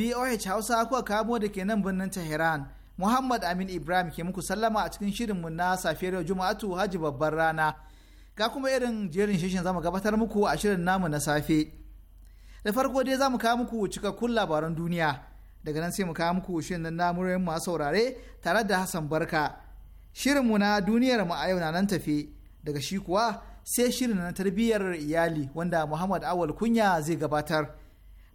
VOH Hausa kuka kamo da ke nan birnin Tehran. Muhammad Amin Ibrahim ke muku sallama a cikin shirinmu na safiyar Juma'atu Hajji babbar rana. Ga kuma irin jerin shishin zamu gabatar muku a shirin namu na safe. Da farko dai zamu kawo muku cikakkun labaran duniya. Daga nan sai mu kawo muku shirin na muryoyin masu saurare tare da Hassan Barka. mu na duniyar mu a yau na nan tafi. Daga shi kuwa sai shirin na tarbiyyar iyali wanda Muhammad Awal Kunya zai gabatar.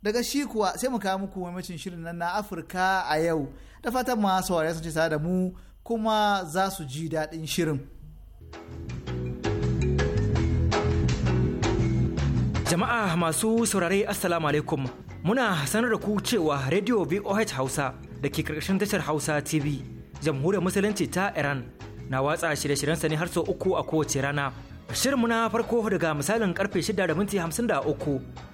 daga shi kuwa sai mu kawo muku mamacin shirin nan na afirka a yau da fatan ma saurare sun ce tare da mu kuma za su ji daɗin shirin jama'a masu saurare assalamu alaikum muna sanar da ku cewa radio voh hausa da ke karkashin tashar hausa tv jamhuriyar musulunci ta iran na watsa shirye-shiryensa ne har sau uku a kowace rana shirin muna farko daga misalin karfe 6 da minti 53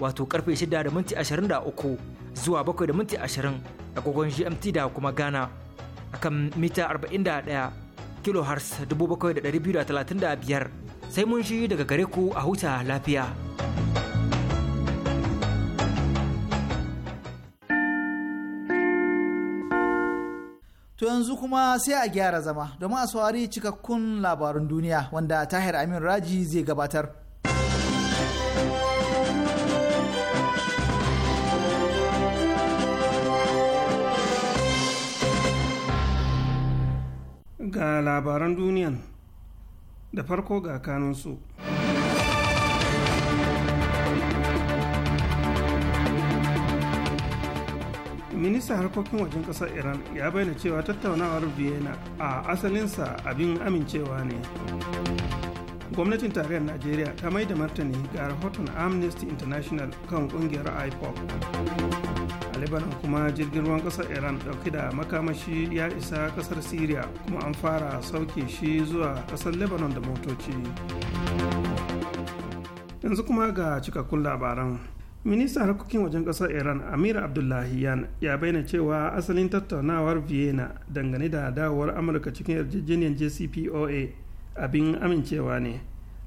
wato karfe 6 da zuwa 7:20 da minti agogon GMT da kuma Ghana kan mita 41 kHz 7,235 sai mun shi daga gare ku a huta lafiya. To yanzu kuma sai a gyara zama domin a saurari cikakkun labarun duniya wanda Tahir Amin Raji zai gabatar. ga labaran duniyan da farko ga kanunsu ministan harkokin wajen kasar iran ya bayyana cewa tattaunawar vienna a asalinsa abin amincewa ne gwamnatin tarayyar najeriya ta mai da martani ga rahoton amnesty international kan kungiyar ipop a lebanon kuma jirgin ruwan kasar iran dauke da makamashi ya isa kasar syria kuma an fara sauke shi zuwa kasar lebanon da motoci yanzu kuma ga cikakkun labaran ministan harkokin wajen kasar iran amir yan ya bayyana cewa asalin tattaunawar vienna dangane da dawowar amurka cikin yarjejeniyar jcpoa abin amincewa ne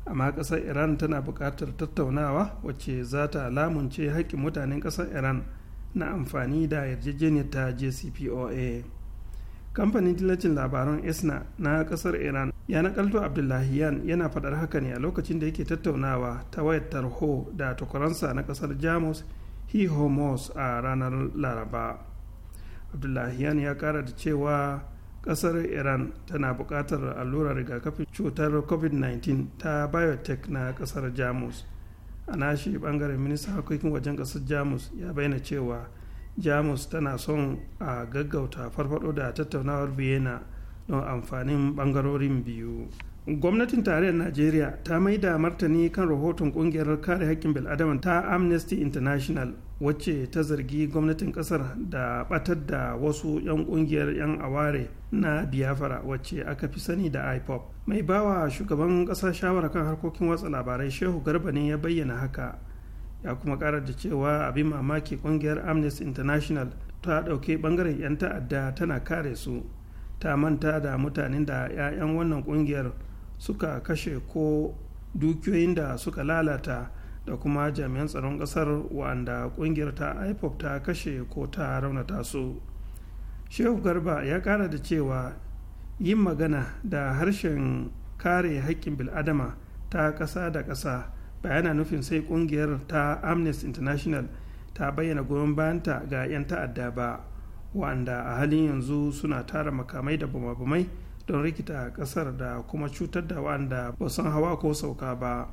amma ƙasar iran tana buƙatar tattaunawa wacce za ta lamunce haƙƙin mutanen ƙasar iran na amfani da yarjejeniyar ta jcpoa kamfanin dillacin labaran esna na kasar iran ya nakalto abdullahiyan yana faɗar haka ne a lokacin da yake tattaunawa ta wayar tarho da tukuransa na kasar jamus hihomos a ranar laraba abdullahiyan ya kara da cewa kasar iran tana buƙatar allurar rigakafin cutar covid-19 ta biotech na kasar jamus a nashi bangaren ministan harkokin wajen kasar jamus ya bayyana cewa jamus tana son a gaggauta farfado da tattaunawar vienna don amfanin bangarorin biyu gwamnatin tarayyar najeriya ta maida martani kan rahoton kungiyar kare haƙƙin bil'adama ta amnesty international wacce ta zargi gwamnatin kasar da batar da wasu 'yan kungiyar 'yan aware na biafra wacce aka fi sani da ipop mai bawa shugaban kasa shawara kan harkokin watsa labarai shehu garba ne ya bayyana haka ya kuma karar da cewa abin mamaki kungiyar amnesty international ta ɗauke bangaren 'yan ta'adda tana kare su ta manta da mutanen da 'ya'yan wannan kungiyar suka kashe ko dukiyoyin da suka lalata da kuma jami'an tsaron kasar wanda kungiyar ta ipop ta kashe ko ta raunata su shehu garba ya kara da cewa yin magana da harshen kare haƙƙin bil'adama ta ƙasa da ƙasa bayana nufin sai ƙungiyar ta amnesty international ta bayyana goyon bayanta ga 'yan ta'adda ba wanda a halin yanzu suna tara makamai da bumabumai don rikita ƙasar da kuma cutar da wanda ba san hawa ko sauka ba.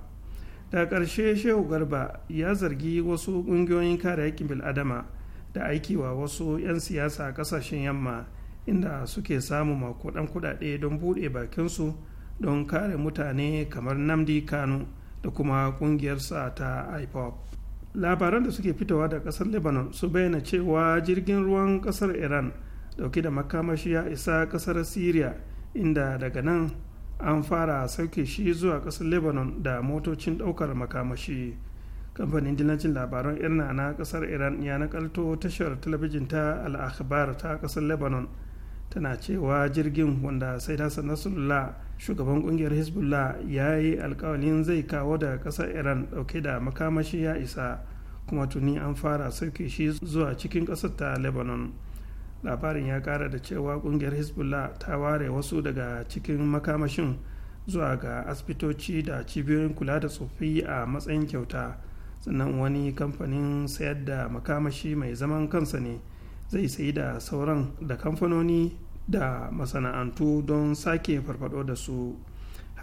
da ƙarshe shehu garba ya zargi wasu ƙungiyoyin kare haƙƙin bil'adama da aiki wa wasu 'yan siyasa a ƙasashen yamma inda suke samun makudan kuɗaɗe don buɗe bakinsu don kare mutane kamar namdi kano da kuma ƙungiyarsa ta ipop labaran da suke fitowa da ƙasar lebanon su bayyana cewa jirgin ruwan ƙasar iran dauke da makamashi ya isa ƙasar syria inda daga nan an fara sauke shi zuwa ƙasar lebanon da motocin ɗaukar makamashi kamfanin dillancin labaran irna na ƙasar iran ya nakalto tashar talabijin ta al'akhbar ta ƙasar lebanon tana cewa jirgin wanda sai ta nasrullah shugaban kungiyar hezbollah ya yi alkawalin zai kawo da ƙasar iran ɗauke da makamashi ya isa kuma tuni an fara sauke shi zuwa cikin ƙasar ta lebanon labarin ya kara da cewa kungiyar hezbollah ta ware wasu daga cikin makamashin zuwa ga asibitoci da cibiyoyin kula da tsoffi a matsayin kyauta sannan wani kamfanin sayar da makamashi mai zaman kansa ne zai sayi da sauran da kamfanoni da masana'antu don sake farfado da su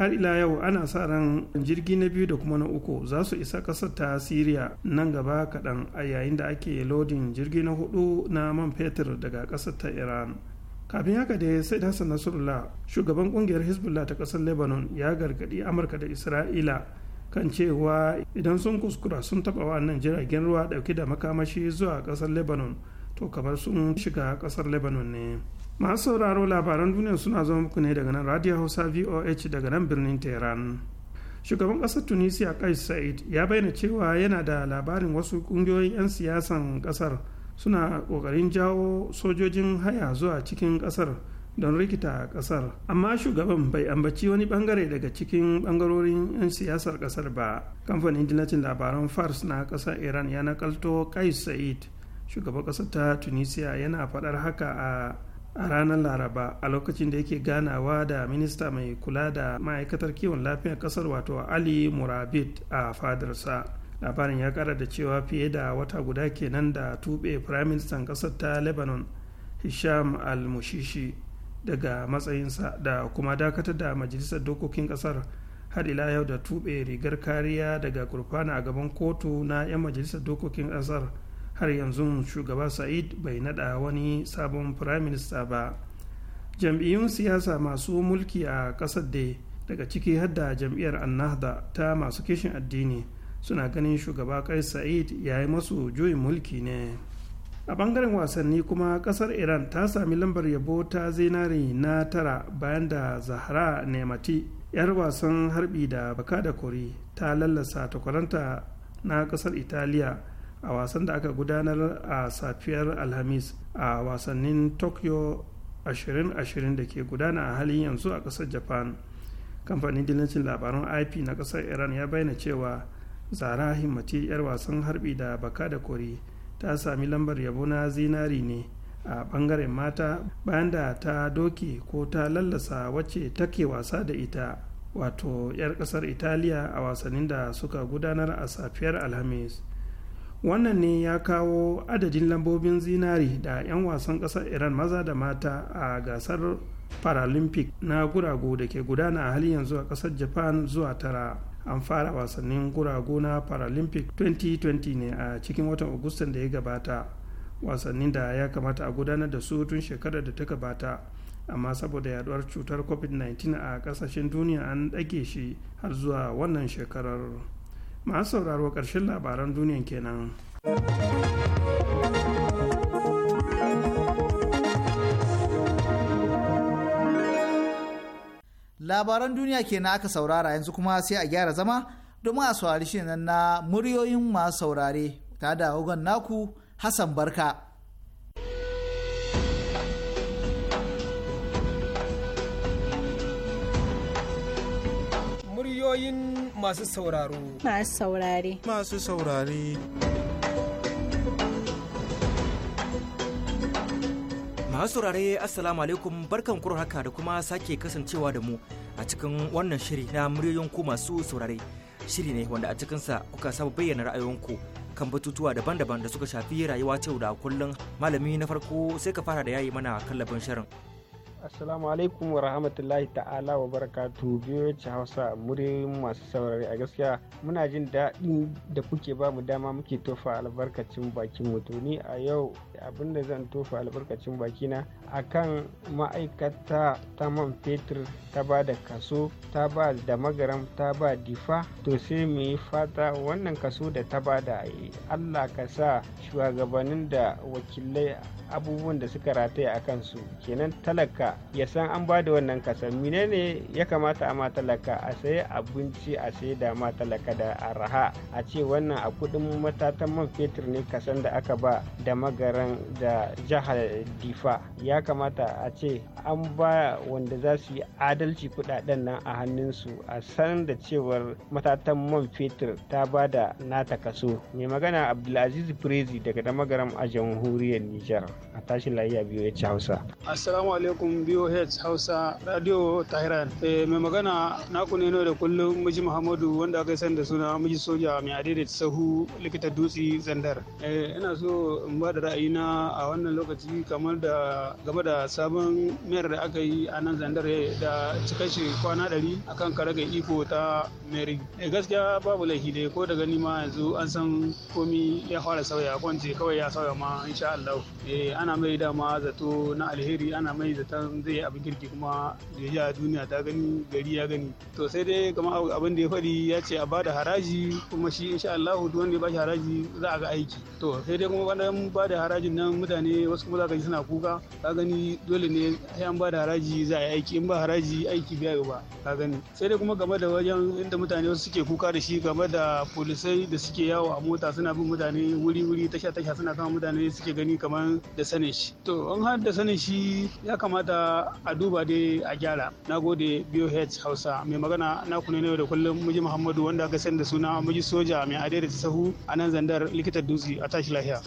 har ila yau ana sa ran jirgi na biyu da kuma na uku za su isa ƙasar ta siriya nan gaba kaɗan a yayin da ake lodin jirgi na hudu na man fetur daga ƙasar ta iran kafin haka da sai hassan nasrullah shugaban kungiyar hezbollah ta ƙasar lebanon ya gargaɗi amurka da isra'ila kan cewa idan sun kuskura sun taɓa wannan jiragen ruwa ɗauke da makamashi zuwa ƙasar lebanon to kamar sun shiga ƙasar lebanon ne masu sauraro labaran duniya suna zama muku ne daga nan radio hausa voh daga nan birnin tehran shugaban kasar tunisia kai sa'id ya bayyana cewa yana da labarin wasu kungiyoyin 'yan siyasan kasar suna kokarin jawo sojojin haya zuwa cikin kasar don rikita kasar amma shugaban bai ambaci wani bangare daga cikin bangarorin 'yan siyasar kasar ba kamfanin dillacin labaran fars na kasar iran ya nakalto kai sa'id shugaban kasar ta tunisia yana faɗar haka a a ranar laraba a lokacin da yake ganawa da minista mai kula da ma'aikatar kiwon lafiyar kasar wato ali murabit a fadarsa labarin ya kara da cewa fiye da wata guda kenan da tuɓe firaministan kasar ta lebanon hisham al-mushishi daga matsayinsa da kuma dakatar da majalisar dokokin kasar har ila yau da tube rigar kariya daga gurfana a gaban kotu na 'yan majalisar dokokin kasar. har yanzu shugaba sa'id bai nada wani sabon firaminista ba jam'iyyun siyasa masu mulki a ƙasar da daga ciki hadda jam'iyyar annahda ta masu kishin addini suna ganin shugaba kai sa'id ya yi masu juyin mulki ne a bangaren wasanni kuma kasar iran ta sami lambar yabo ta zinari na tara bayan da zahra nemati yar wasan harbi da baka da kori ta lallasa takwaranta na kasar italiya a wasan da aka gudanar a safiyar alhamis a wasannin tokyo 2020 da ke gudana a halin yanzu a ƙasar japan kamfanin dillancin labaran ip na ƙasar iran ya bayyana cewa zara himmati 'yar wasan harbi da baka da kori ta sami lambar yabo na zinari ne a bangaren mata bayan da ta doki ko ta lallasa wacce take wasa da ita wato 'yar kasar italiya a wasannin da suka gudanar a safiyar alhamis wannan ne ya kawo adadin lambobin zinari da 'yan wasan ƙasar iran maza da mata a gasar paralympic na gurago da ke gudana a halin yanzu a ƙasar japan zuwa tara an fara wasannin gurago na paralympic 2020 ne a cikin watan agustan da ya gabata wasannin da ya kamata a gudanar da su tun shekarar da ta gabata amma saboda yaduwar cutar covid-19 a ƙasashen duniya an ɗage shi har zuwa wannan shekarar. masu sauraro ƙarshen labaran duniyan kenan. labaran duniya kenan aka saurara yanzu kuma sai a gyara zama domin a saurari shi nan na muryoyin masu saurare ta da wagon naku hassan barka muryoyin masu sauraro. Masu saurare. Masu saurare. masu saurare assalamu alaikum barkan kuro haka da kuma sake kasancewa da mu a cikin wannan shiri na muryoyin ku masu saurare shiri ne wanda a cikinsa kuka saba bayyana ra'ayoyinku kan batutuwa daban-daban da suka shafi rayuwa ta da kullum malami na farko sai ka fara da yayi mana kallabin shirin Assalamu alaikum wa rahmatullahi ta'ala wa barakatu biyoci Hausa mure masu saurari a gaskiya muna jin daɗin da kuke ba mu dama muke tofa albarkacin bakin mutu ni a yau abinda zan tofa albarkacin bakina a kan ma'aikata ta man fetur ta ba da kaso ta ba da magaram ta ba difa to sai mu yi fata wannan kaso da ta ba da Allah ka sa shugabannin da wakilai abubuwan da suka rataye a kansu kenan talaka ya san an ba da wannan kasan menene ya kamata a ma talaka a sayi abinci a sai da matalaka da araha a ce wannan a kudin matatan man fetur ne kasan da aka ba da magaran da jihar difa ya kamata a ce an ba wanda za su yi adalci kudaden nan a hannunsu a san da cewar matatan man fetur ta ba da nata kaso mai magana abdulaziz prezi daga damagaram a jamhuriyar nijar a tashi lafiya biyu ya ci hausa assalamu alaikum sashen BOH Hausa Radio Tahiran. Eh, mai magana na naku ne da kullum miji Muhammadu wanda aka san da suna miji soja mai adaidaita sahu likita dutse zandar. Eh, ina so in ba da ra'ayi na a wannan lokaci kamar da game da sabon mayar da aka yi a nan zandar eh, da cika shi kwana ɗari akan karagar iko ta mary gaskiya babu laifi dai ko daga nima yanzu an san komi ya fara sauya kwance kawai ya sauya ma insha Allah ana mai dama zato na alheri ana mai zaton zai yi abin kirki kuma da a duniya ta gani gari ya gani to sai dai kamar abin da ya faɗi ya ce a bada haraji kuma shi insha Allah duk wanda ya bashi haraji za a ga aiki to sai dai kuma bayan bada harajin nan mutane wasu kuma za ka ji suna kuka ka gani dole ne sai an bada haraji za a yi aiki in ba haraji aiki biya ba ka gani sai dai kuma game da wajen inda mutane wasu suke kuka da shi game da polisai da suke yawo a mota suna bin mutane wuri-wuri tasha-tasha suna kama mutane suke gani kamar da sanin shi to an har da sanin shi ya kamata a duba dai a gyara na gode BOH Hausa mai magana na kula ne yau da kullum muji Muhammadu wanda aka sani da suna muji soja mai adai da sahu a nan zandar likitar dutse a tashi lahiya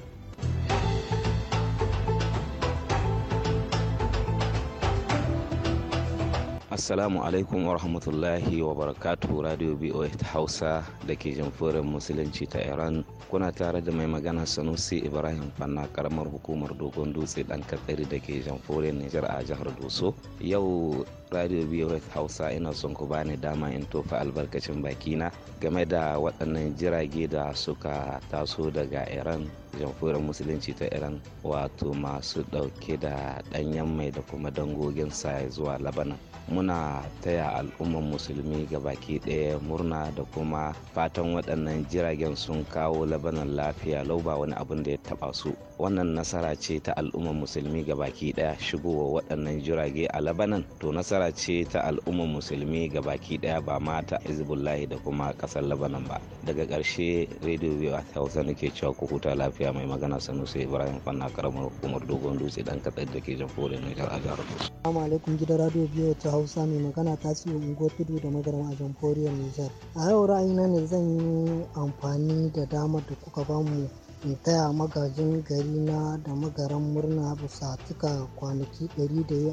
assalamu alaikum wa rahmatullahi wa barakatu radio boa ta hausa da ke jamfurin musulunci ta iran kuna tare da mai magana sanusi ibrahim fanna karamar hukumar dogon dutse dan katsiri da ke jamfurin niger a jihar doso yau radio biyu hausa ina son ku bani dama in tofa albarkacin bakina game da waɗannan jirage da suka taso daga iran jamhuriyar musulunci ta iran wato masu ɗauke da ɗanyen mai da kuma dangogin sa zuwa labanan muna taya al'umman musulmi ga baki ɗaya murna da kuma fatan waɗannan jiragen sun kawo labanan lafiya lau ba wani abin da ya taɓa su wannan nasara ce ta al'ummar musulmi ga baki daya shigowa waɗannan jirage a labanan to nasara ce ta al'ummar musulmi ga baki daya ba ma ta izbullahi da kuma ƙasar labanan ba daga ƙarshe radio biyu a hausa nake cewa ku huta lafiya mai magana sanusi ibrahim fanna karamar hukumar dogon dutse dan katsai da ke jamhuriyar nijar a jihar bauchi. assalamu alaikum gidan radio biyu ta hausa mai magana ta tasiru unguwar tudu da magarama a jamhuriyar nijar a yau ra'ayina ne zan yi amfani da damar da kuka bamu in taya magajin gari na da magaran murna bisa cika kwanaki ɗari da yi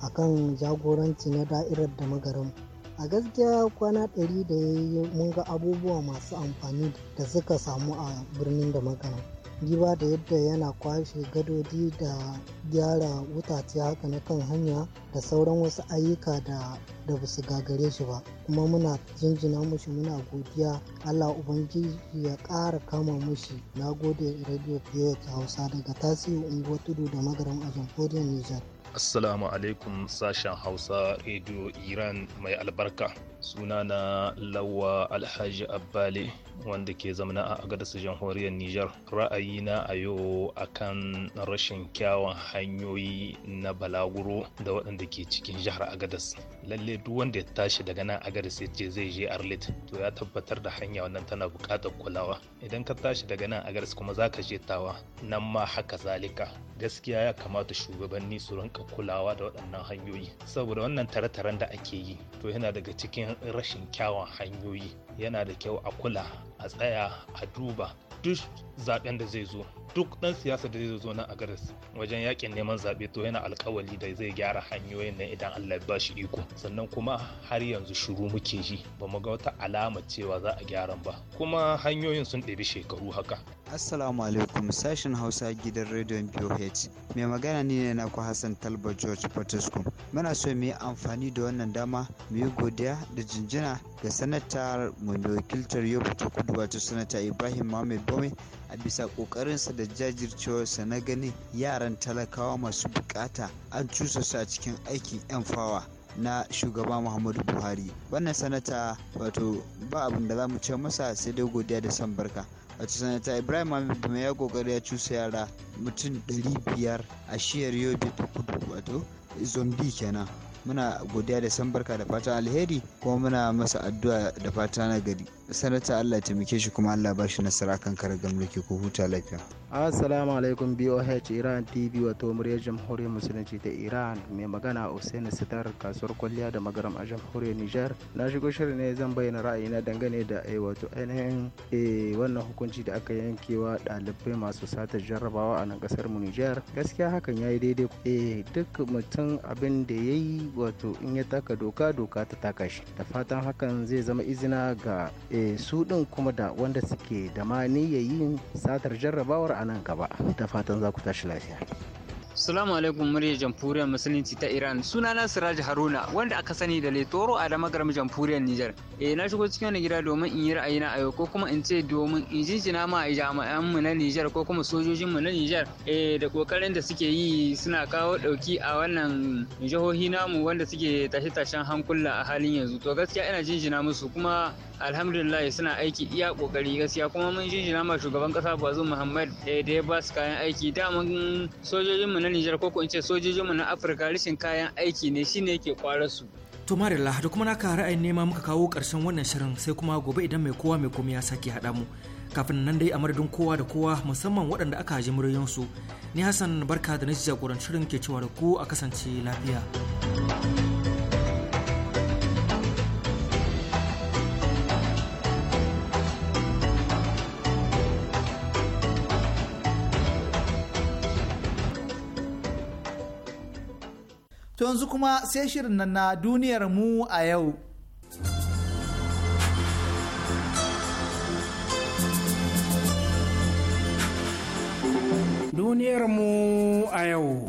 a kan jagoranci na da'irar da magaran a gaskiya kwana ɗari da ya yi mun ga abubuwa masu amfani da suka samu a birnin da magaran Diba da yadda yana kwashe gadodi da gyara wutace haka na kan hanya da sauran wasu ayyuka da da ba su gagare shi ba kuma muna jinjina mushi muna godiya Allah Ubangiji ya ƙara kama mushi na gode radio pf Hausa daga tasiri unguwar tudu da magaram a jamhuriyar Nijar. Assalamu alaikum sashen Hausa Radio Iran mai albarka. sunana lawa alhaji abbali wanda ke zamana a agadas jamhuriyar ra'ayi ra'ayina a yau akan rashin kyawun hanyoyi na balaguro da waɗanda ke cikin jihar agadas lalle duk wanda ya tashi daga nan agadas ya ce zai je arlit to ya tabbatar da hanya wannan tana buƙatar kulawa idan ka tashi daga nan agadas kuma za ka je tawa nan ma haka zalika gaskiya ya kamata shugabanni su rinka kulawa da waɗannan hanyoyi saboda wannan tare-taren da ake yi to yana daga cikin rashin kyawun hanyoyi yana da kyau a kula a tsaya a duba duk zaɓen da zai zo duk ɗan siyasa da zai zo nan a garis wajen yakin neman zaɓe to yana alkawali da zai gyara hanyoyin nan idan Allah ya ba shi iko sannan kuma har yanzu shuru muke yi ba mu ga wata alama cewa za a gyara ba kuma hanyoyin sun ɗebi shekaru haka Assalamu alaikum sashen Hausa gidan rediyon POH mai magana ni ne naku Hassan Talba George Potiskum. muna so mu yi amfani da wannan dama mu yi godiya da jinjina ga sanatar mai wakiltar Yobe ta Kudu wato sanata Ibrahim Mohammed Bome a bisa ƙoƙarinsa da jajircewarsa na ganin yaran talakawa masu bukata an cusa su a cikin aikin 'yan fawa na shugaba muhammadu buhari wannan sanata wato ba abin da za mu ce masa sai dai godiya da san barka wato sanata ibrahim ahmed mai ya kokari ya cusa yara mutum 500 a shiyar yobe ta kudu wato zombi kenan muna godiya da san barka da fatan alheri kuma muna masa addu'a da fata na sanata Allah taimake shi kuma Allah ba shi nasara kan karagar mulki ko huta lafiya. Assalamu alaikum BOH Iran TV wato muryar jamhuriyar musulunci ta Iran mai magana Hussein Sitar kasuwar kwalliya da magaram a jamhuriyar niger Na shigo shirin ne zan bayyana ra'ayina dangane da a eh, wato ainihin eh, wannan hukunci da aka yankewa dalibai masu satar jarrabawa a nan kasar mu Nijar. Gaskiya hakan ya yi daidai eh, duk mutum abin da ya yi wato in ya taka doka doka ta taka shi. Da fatan hakan zai zama izina ga eh, Eh, su ɗin kuma da wanda suke da ma yin satar jarrabawar a nan gaba ta fatan za ku tashi lafiya. Salamu alaikum murya jamhuriyar musulunci ta Iran. Sunana Siraj Haruna wanda aka sani da Letoro a damar jamhuriyar Nijar. Eh na shigo cikin wani gida domin in yi ra'ayi na ayo ko kuma in ce domin in jinjina ma a jami'an mu na Nijar ko kuma sojojin mu na Nijar eh da kokarin da suke yi suna kawo dauki a wannan jihohi namu wanda suke tashe-tashen hankula a halin yanzu. To gaskiya ina jinjina musu kuma alhamdulillah suna aiki iya kokari gaskiya kuma mun jinjina ma shugaban kasa bazu muhammad eh, da ya ba su kayan aiki daman sojojin mu na nijar ko in ce sojojin mu na afirka rashin kayan aiki ne shine yake kwarar su to marilla da kuma naka ra'ayin nema muka kawo karshen wannan shirin sai kuma gobe idan mai kowa mai komai ya sake haɗa mu kafin nan dai a madadin kowa da kowa musamman waɗanda aka ji muryoyinsu ni hassan barka da na jagorancin shirin ke cewa da ku a kasance lafiya To yanzu kuma sai shirin nan na duniyar mu a yau. Duniyar mu a yau.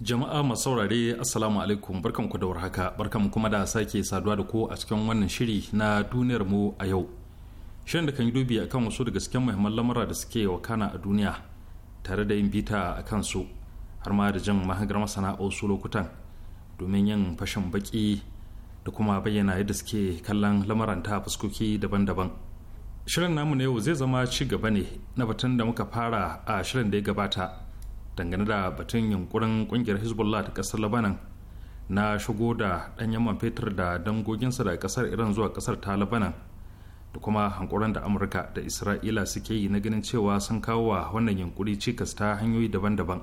Jama'a masu saurare Assalamu alaikum barkanku da warhaka barkanku kuma da sake saduwa da ku a cikin wannan shiri na duniyar mu a yau. Shirin da kan yi dubi akan wasu daga cikin muhimman lamura da suke wakana a duniya tare da yin bita a kansu har ma da jan mahangar masana'o su lokutan domin yin fashin baki da kuma bayyana yadda suke kallon lamaranta fuskoki daban-daban shirin namu na yau zai zama ci gaba ne na batun da muka fara a shirin da ya gabata dangane da batun yunkurin kungiyar hezbollah ta kasar labanan na shigo da danyen man fetur da dangoginsa daga kasar iran zuwa kasar ta labanan da kuma hankuran da amurka da isra'ila suke yi na ganin cewa sun kawo wa wannan yankuri cikas ta hanyoyi daban-daban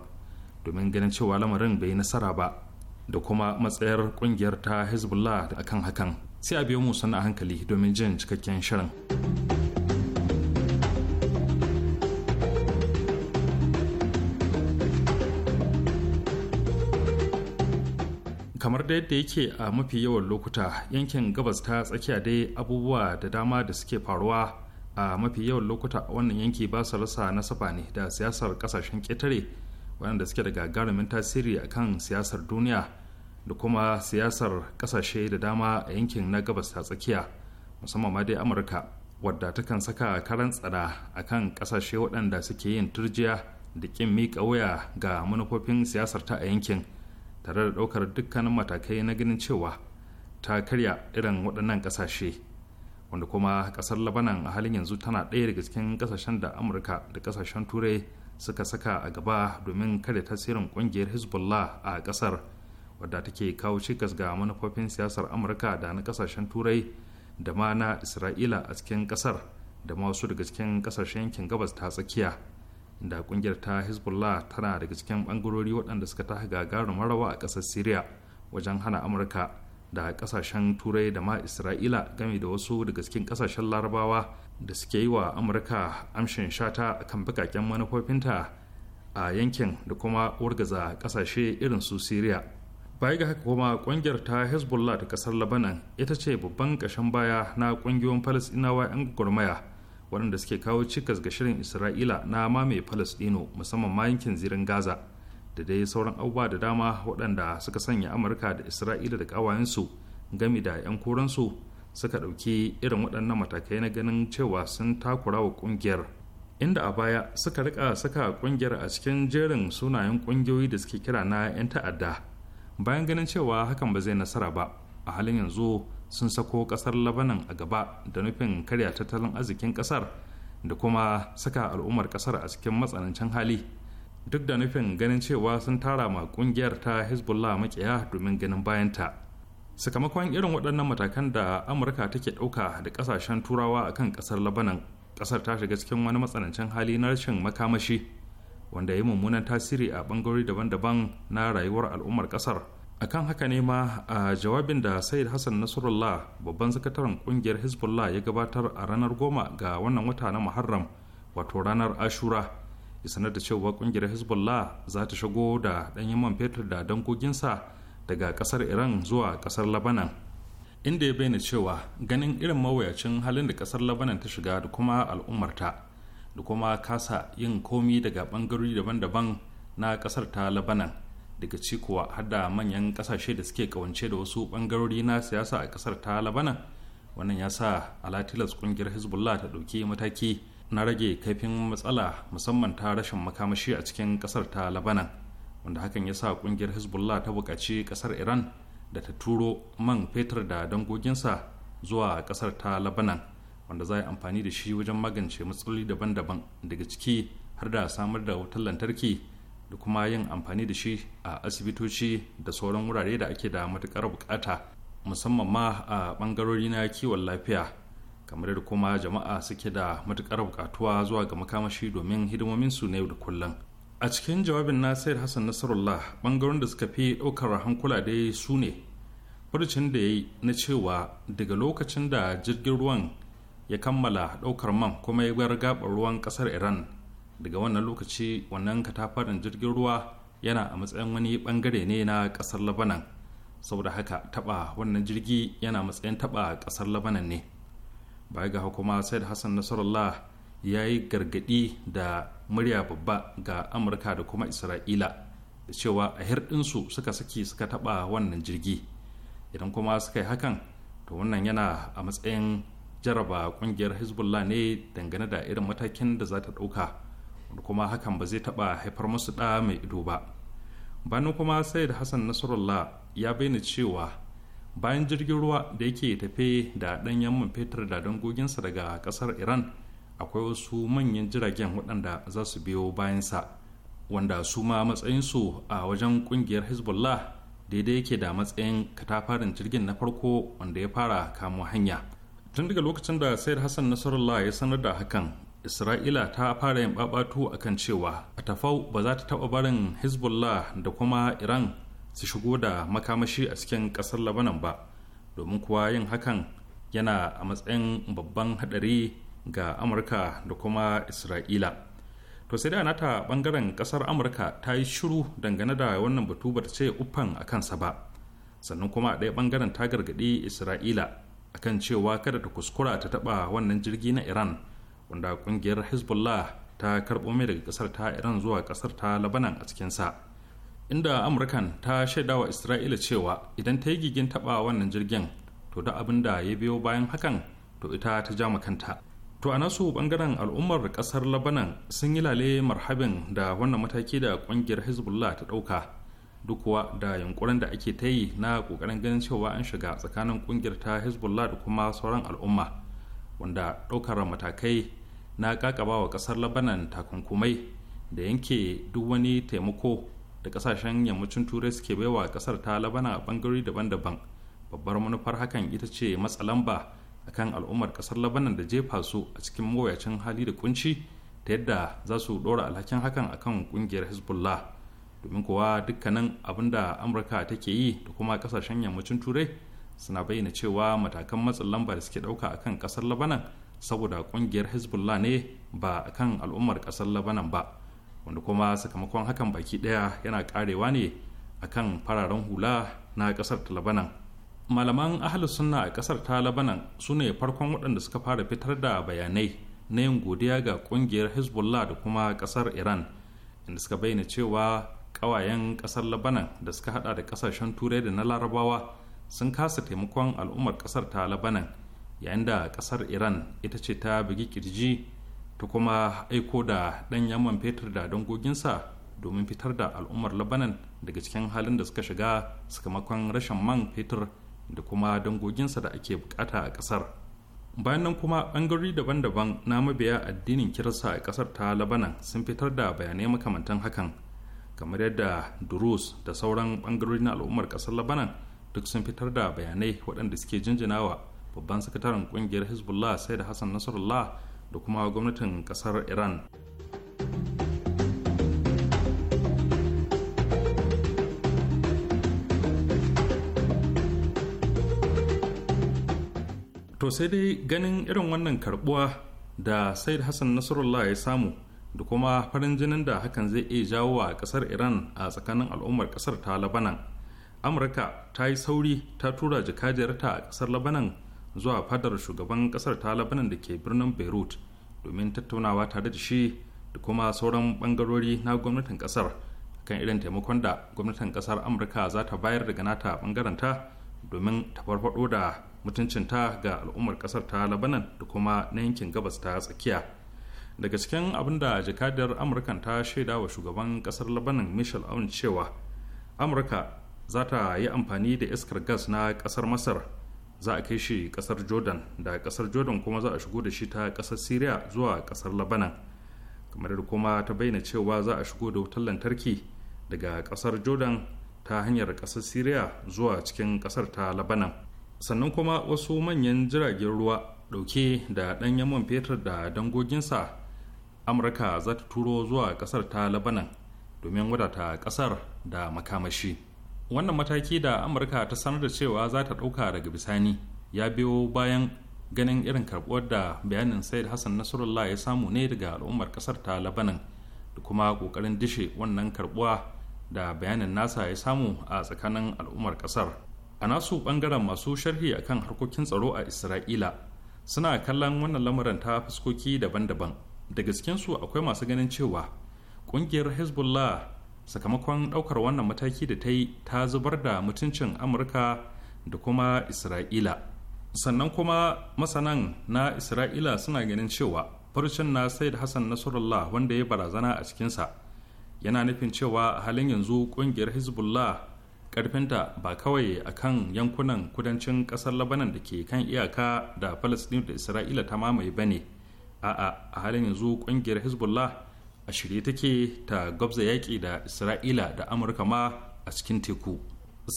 domin ganin cewa lamarin bai nasara ba da kuma matsayar kungiyar ta hezbollah akan hakan sai a biyo mu sana hankali domin jin cikakken shirin. da yadda yake a mafi yawan lokuta yankin gabas ta tsakiya dai abubuwa da dama da suke faruwa a mafi yawan lokuta wannan yanki ba su rasa nasaba ne da siyasar kasashen ƙetare waɗanda suke da gagarumin tasiri a kan siyasar duniya da kuma siyasar ƙasashe da dama a yankin na gabas ta tsakiya musamman ma dai amurka wadda takan saka karan tsada a kan ƙasashe waɗanda suke yin turjiya da ƙin miƙa wuya ga manufofin siyasar ta a yankin tare da ɗaukar dukkanin matakai na ganin cewa ta karya irin waɗannan ƙasashe wanda kuma ƙasar labanan a halin yanzu tana ɗaya daga cikin ƙasashen da amurka da ƙasashen turai suka saka a gaba domin kare tasirin ƙungiyar hezbollah a ƙasar wadda take kawo cikas ga manufofin siyasar amurka da na ƙasashen turai da ma na isra'ila a cikin ƙasar da ma wasu daga cikin ƙasashen yankin gabas ta tsakiya da kungiyar ta hezbollah tana daga cikin bangarori waɗanda suka ta gagarumin marawa a ƙasar syria wajen hana amurka da ƙasashen turai da ma isra'ila game da wasu daga cikin ƙasashen larabawa da suke yi wa amurka amshin shata kan bakaken manufofinta a yankin da kuma wargaza ƙasashe irin su syria baya ga haka kuma kungiyar ta hezbollah ta ƙasar labanan ita ce babban ƙashin baya na ƙungiyoyin falasɗinawa 'yan gwagwarmaya waɗanda suke kawo cikas ga shirin isra'ila na mamaye palestino musamman ma yankin zirin gaza da dai sauran abubuwa da dama waɗanda suka sanya amurka da isra'ila da ƙawayensu gami da 'yan koransu suka ɗauki irin waɗannan matakai na ganin cewa sun takura wa ƙungiyar inda a baya suka rika saka ƙungiyar a cikin jerin sunayen ƙungiyoyi da suke kira na 'yan ta'adda bayan ganin cewa hakan ba zai nasara ba a halin yanzu sun sako kasar labanan a gaba da nufin karya tattalin arzikin kasar da kuma saka al'ummar kasar a cikin matsanancin hali duk da nufin ganin cewa sun tara ma kungiyar ta hezbollah makiya domin ganin bayanta sakamakon irin waɗannan matakan da amurka take ɗauka da ƙasashen turawa a kan ƙasar labanan ƙasar ta shiga cikin wani matsanancin hali na rashin makamashi wanda ya yi mummunan tasiri a ɓangarori daban-daban na rayuwar al'ummar ƙasar akan haka ne ma a jawabin da sayid hassan nasrullah babban sakataren kungiyar hezbollah ya gabatar a ranar goma ga wannan wata na muharram wato ranar ashura ya sanar da cewa kungiyar hezbollah za ta shigo da ɗanyen man fetur da dangoginsa daga ƙasar iran zuwa ƙasar labanan inda ya bayyana cewa ganin irin mawuyacin halin da ƙasar labanan ta shiga da kuma al'ummarta da kuma kasa yin komi daga bangarori daban-daban na ƙasar ta labanan daga ci kuwa har da manyan kasashe da suke kawance da wasu bangarori na siyasa a kasar ta labanan wannan ya sa alatilas kungiyar hezbollah ta ɗauki mataki na rage kaifin matsala musamman ta rashin makamashi a cikin kasar ta labanan wanda hakan ya sa kungiyar hezbollah ta buƙaci kasar iran da ta turo man fetur da dangoginsa zuwa kasar ta labanan wanda za a yi amfani da shi wajen magance matsaloli daban-daban daga ciki har da samar da wutar lantarki da kuma yin amfani da shi a asibitoci da sauran wurare da ake da matukar bukata musamman ma a ɓangarori na kiwon lafiya kamar da kuma jama'a suke da matukar bukatuwa zuwa ga makamashi domin hidimomin na yau da kullum a cikin jawabin na sayar hassan nasarullah bangaren da suka fi ɗaukar hankula dai su ne furucin da ya yi na cewa daga lokacin da jirgin ruwan ya kammala ɗaukar man kuma ya bar gaɓar ruwan ƙasar iran daga wannan lokaci wannan katafaren jirgin ruwa yana a matsayin wani bangare ne na kasar labanan saboda haka taba wannan jirgi yana matsayin taba kasar labanan ne baya ga kuma said hassan nasarallah ya yi gargadi da murya babba ga amurka da kuma isra'ila da cewa a hirɗinsu suka saki suka taba wannan jirgi idan kuma suka yi hakan to wannan yana a matsayin jaraba kungiyar hezbollah ne dangane da irin matakin da za ta ɗauka kuma hakan ba zai taɓa haifar musu ɗa mai ido ba bayan kuma sayyid hassan nasarullah ya bayyana cewa bayan jirgin ruwa da yake tafe da ɗanyen man fetur da dangoginsa daga ƙasar iran akwai wasu manyan jiragen waɗanda za su biyo bayansa wanda su ma matsayinsu a wajen ƙungiyar hezbollah daidai yake da matsayin katafarin jirgin na farko wanda ya fara kamo hanya tun daga lokacin da sayar hassan nasarullah ya sanar da hakan isra'ila ta fara yin babatu a kan cewa a tafau ba za ta taba barin hezbollah da kuma iran su shigo da makamashi a cikin kasar labanan ba domin kuwa yin hakan yana a matsayin babban hadari ga amurka da kuma isra'ila to sai da nata bangaren kasar amurka ta yi shiru dangane da wannan batu ba ta ce uffan a kansa ba sannan kuma a ɗaya bangaren ta gargaɗi isra'ila akan cewa kada ta kuskura ta taɓa wannan jirgi na iran wanda kungiyar hezbollah ta karɓo mai daga kasar ta iran zuwa kasar ta labanan a cikinsa inda amurkan ta shaida wa isra'ila cewa idan ta yi gigin taba wannan jirgin to da abin da ya biyo bayan hakan to ita ta ja kanta to a nasu bangaren al'ummar kasar labanan sun yi lale marhabin da wannan mataki da kungiyar hezbollah ta dauka duk kuwa da yunkurin da ake ta yi na kokarin ganin cewa an shiga tsakanin kungiyar ta hezbollah da kuma sauran al'umma wanda ɗaukar matakai na wa kasar labanan takunkumai da yanke duk wani taimako da kasashen yammacin turai suke baiwa kasar ta labanan a bangarori daban-daban babbar manufar hakan ita ce matsa lamba akan al'ummar kasar labanan da jefa su a cikin mawuyacin hali da kunci ta yadda za su dora alhakin hakan akan kungiyar hezbollah domin kuwa dukkanin abin da amurka take yi da kuma kasashen yammacin turai suna bayyana cewa matakan matsin lamba da suke dauka akan kasar labanan saboda kungiyar hezbollah ne ba kan al'ummar kasar labanan ba wanda kuma sakamakon hakan baki daya yana karewa ne a kan fararen hula na kasar ta labanan malaman ahli sunna a kasar ta labanan su ne farkon waɗanda suka fara fitar da bayanai na yin godiya ga kungiyar hezbollah da kuma kasar iran inda suka bayyana cewa kawayen kasar labanan da suka hada da kasashen turai da na larabawa sun kasa taimakon al'ummar kasar ta labanan yayin da kasar iran ita ce ta bugi kirji ta kuma aiko da ɗan yaman fetur da dangoginsa domin fitar da al'ummar labanan daga cikin halin da suka shiga sakamakon rashin man fetur da kuma dangoginsa da ake bukata a kasar bayan nan kuma bangarori daban-daban na mabiya addinin kirista a kasar ta labanan sun fitar da bayanai makamantan hakan kamar yadda durus da sauran bangarori na al'ummar kasar labanan duk sun fitar da bayanai waɗanda suke jinjinawa babban sakataren kungiyar hezbollah sai da hassan nasarallah da kuma gwamnatin kasar iran to sai dai ganin irin wannan karbuwa da said hassan nasarullah ya samu da kuma farin jinin da hakan zai iya jawo wa kasar iran a tsakanin al'ummar kasar ta labanan amurka ta yi sauri ta tura jikajiyarta a kasar labanan zuwa fadar shugaban kasar ta labanan da ke birnin beirut domin tattaunawa tare da shi da kuma sauran bangarori na gwamnatin kasar kan irin taimakon da gwamnatin kasar amurka za ta bayar daga nata bangaranta domin ta farfado da mutuncinta ga al'ummar kasar ta labanan da kuma na yankin gabas ta tsakiya daga cikin abin da jakadiyar amurkan ta shaida wa shugaban kasar labanan michel aun cewa amurka za ta yi amfani da iskar gas na kasar masar za a kai shi kasar jordan da kasar jordan kuma za a shigo da shi ta kasar syria zuwa kasar labanan kamar da kuma ta bayyana cewa za a shigo da wutar lantarki daga kasar jordan ta hanyar kasar syria zuwa cikin kasar ta labanan sannan kuma wasu manyan jiragen ruwa dauke da ɗanyen man fetur da dangoginsa amurka za ta turo zuwa kasar ta labanan domin wadata kasar da makamashi wannan mataki da amurka ta sanar da cewa za ta ɗauka daga bisani ya biyo bayan ganin irin karɓuwar da bayanin said hassan nasrullah ya samu ne daga al'ummar ƙasar ta labanan da kuma ƙoƙarin dishe wannan karɓuwa da bayanin nasa ya samu a tsakanin al'ummar ƙasar a nasu ɓangaren masu sharhi akan harkokin tsaro a isra'ila suna kallon wannan lamarin ta fuskoki daban-daban da su akwai masu ganin cewa ƙungiyar hezbollah sakamakon ɗaukar wannan mataki da ta yi ta zubar da mutuncin amurka da kuma isra'ila sannan kuma masanan na isra'ila suna ganin cewa farcin na said hassan nasrullah wanda ya barazana a cikinsa yana nufin cewa a halin yanzu kungiyar hezbollah karfinta ba kawai a kan yankunan kudancin kasar labanan da ke kan iyaka da palestine da isra'ila ta mamaye ba ne a'a a halin yanzu kungiyar hezbollah a shirye take ta gwabza yaƙi da isra'ila da amurka ma a cikin teku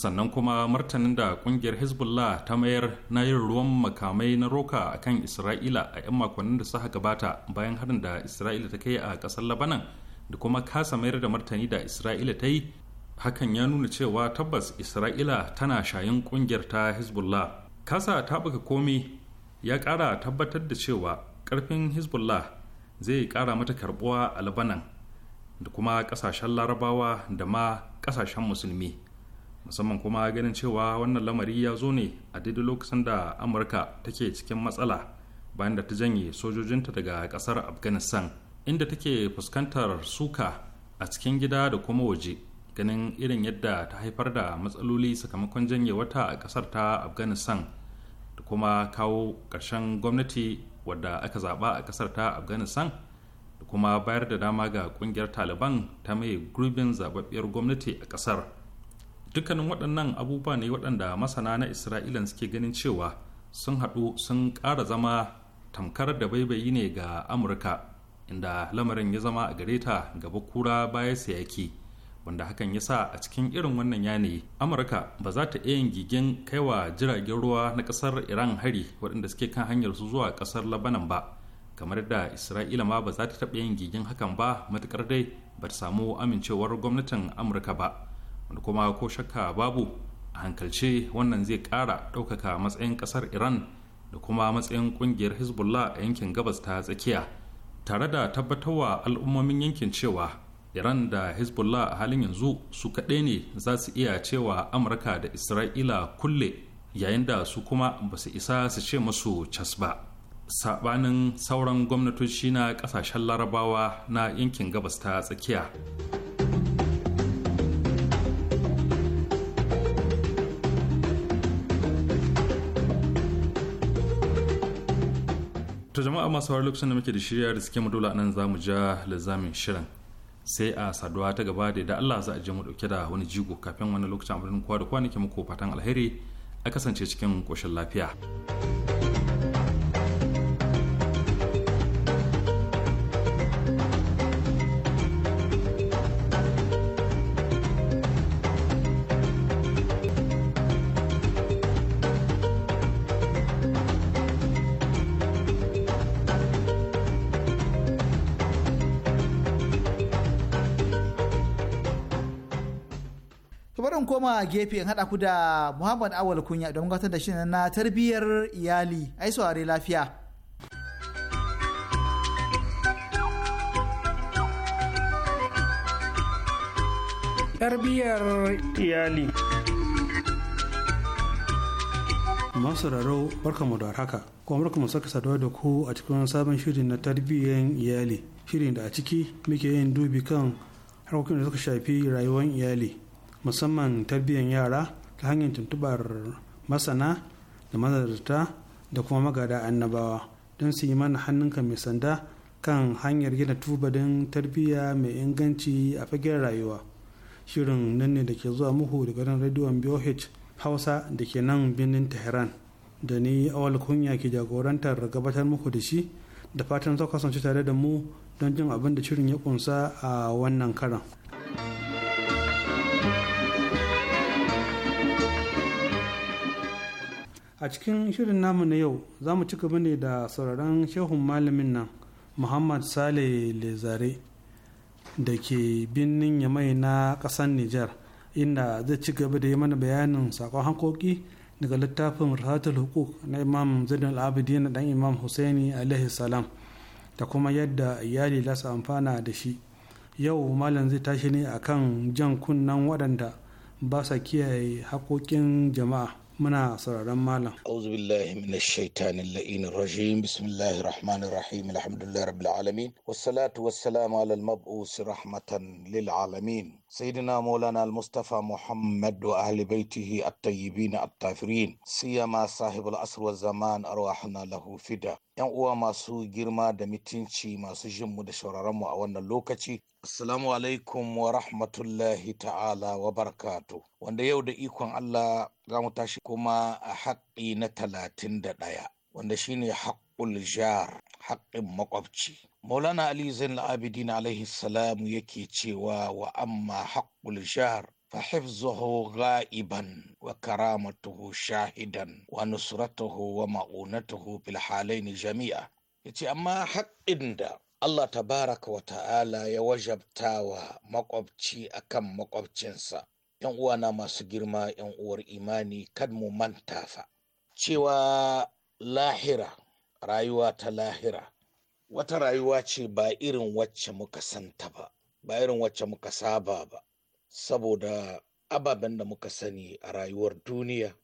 sannan kuma martanin da kungiyar hezbollah ta mayar na yin ruwan makamai na roka a kan isra'ila a 'yan makonnin da suka gabata bayan harin da isra'ila ta kai a ƙasar labanan da kuma kasa mayar da martani da isra'ila ta yi hakan ya nuna cewa tabbas isra'ila tana shayin kungiyar ta hezbollah kasa ta buga komi ya ƙara tabbatar da cewa karfin hezbollah zai kara mata karbuwa a labanan da kuma kasashen larabawa da ma kasashen musulmi musamman kuma ganin cewa wannan lamari ya zo ne a daidai lokacin da amurka take cikin matsala bayan da ta janye sojojinta daga kasar afghanistan inda take fuskantar suka a cikin gida da kuma waje ganin irin yadda ta haifar da matsaloli sakamakon janye wata a kasar ta afghanistan da kuma kawo ƙarshen gwamnati wadda aka zaba a kasar ta afghanistan da kuma bayar da dama ga kungiyar taliban ta mai gurbin zababbiyar gwamnati a kasar dukkanin waɗannan abubuwa ne waɗanda masana na isra'ila suke ganin cewa sun haɗu sun ƙara zama tamkar da baibayi ne ga amurka inda lamarin ya zama a gare ta gaba kura baya sayaki wanda hakan ya sa a cikin irin wannan yanayi amurka ba za ta iya yin gigin kaiwa jiragen ruwa na kasar iran hari waɗanda suke kan hanyar su zuwa kasar labanan ba kamar da isra'ila ma ba za ta taɓa yin gigin hakan ba matuƙar dai ba ta samu amincewar gwamnatin amurka ba wanda kuma ko shakka babu a hankalce wannan zai ƙara ɗaukaka matsayin ƙasar iran da kuma matsayin ƙungiyar hezbollah a yankin gabas ta tsakiya tare da tabbatarwa al'ummomin yankin cewa iran da hezbollah a halin yanzu su kaɗai ne za su iya cewa amurka da isra'ila kulle yayin da su kuma ba su isa su ce musu cas ba saɓanin sauran gwamnatoci na ƙasashen larabawa na yankin gabas ta tsakiya to jama'a masu hawar lokacin da muke da shirya da suke mu dole nan za mu ja lizamin shirin sai a saduwa ta gaba da da Allah za a je mu dauke da wani jigo kafin wani lokacin amurin kwa da kowa muku fatan alheri a kasance cikin koshin lafiya. koma gefe in haɗa ku da Muhammad Awal Kunya don gatar da shirin na tarbiyyar iyali. Ai saurare lafiya. Tarbiyyar iyali. Masu raro mu da haka, kuma barka mu saka saduwa da ku a cikin sabon shirin na tarbiyyar iyali. Shirin da a ciki muke yin dubi kan harkokin da suka shafi rayuwar iyali. musamman tarbiyyar yara ta hanyar tuntubar masana da manazarta da kuma magada annabawa don su yi mana hannunka mai sanda kan hanyar gina tubadin tarbiyya mai inganci a fagen rayuwa shirin nan ne da ke zuwa muhu da garin rediyon boh hausa da ke nan birnin tehran da ni awal kunya ke jagorantar gabatar muku da shi da fatan za kasance tare da mu don jin abin da shirin ya kunsa a wannan karan. a cikin shirin namu na yau za mu ci gaba ne da sauraron shehun malamin nan muhammad sale lezare da ke birnin yamai na ƙasar nijar inda zai ci gaba da yi mana bayanin sakon hankoki daga littafin rahatul hukuk na imam zain al'abidi na dan imam husaini alaihi salam da kuma yadda iyali za su amfana da shi yau malam zai tashi ne akan jan kunnan waɗanda ba sa kiyaye haƙoƙin jama'a muna sauraron malam auzu billahi minash shaitanir la'inir rajim bismillahir rahmanir rahim alhamdulillahi rabbil alamin wassalatu wassalamu ala al-mab'us rahmatan lil alamin sayyidina maulana al-mustafa muhammad wa ahli baitihi at-tayyibin at-tafirin siyama sahibul asr wa zaman na lahu fida 'yan uwa masu girma da mitinci masu jinmu da mu a wannan lokaci. Assalamu alaikum wa rahmatullahi ta'ala wa barakatu. Wanda yau da ikon Allah za mu tashi kuma a haƙƙi na talatin da ɗaya, wanda shine haƙƙul jar, haƙƙin maƙwabci. Maulana Ali Zain Abidin alaihi salam yake cewa wa amma haƙƙul jar فحفظه غائبا وكرامته شاهدا ونصرته ومعونته في الحالين جميعا yace amma haƙƙin da Allah ta baraka wa ta'ala ya wajabta wa makwabci a kan makwabcinsa ‘yan uwana masu girma ‘yan uwar imani kan mu manta fa cewa lahira rayuwa ta lahira wata rayuwa ce ba irin wacce muka santa ba ba irin wacce muka saba ba saboda ababen da muka sani a rayuwar duniya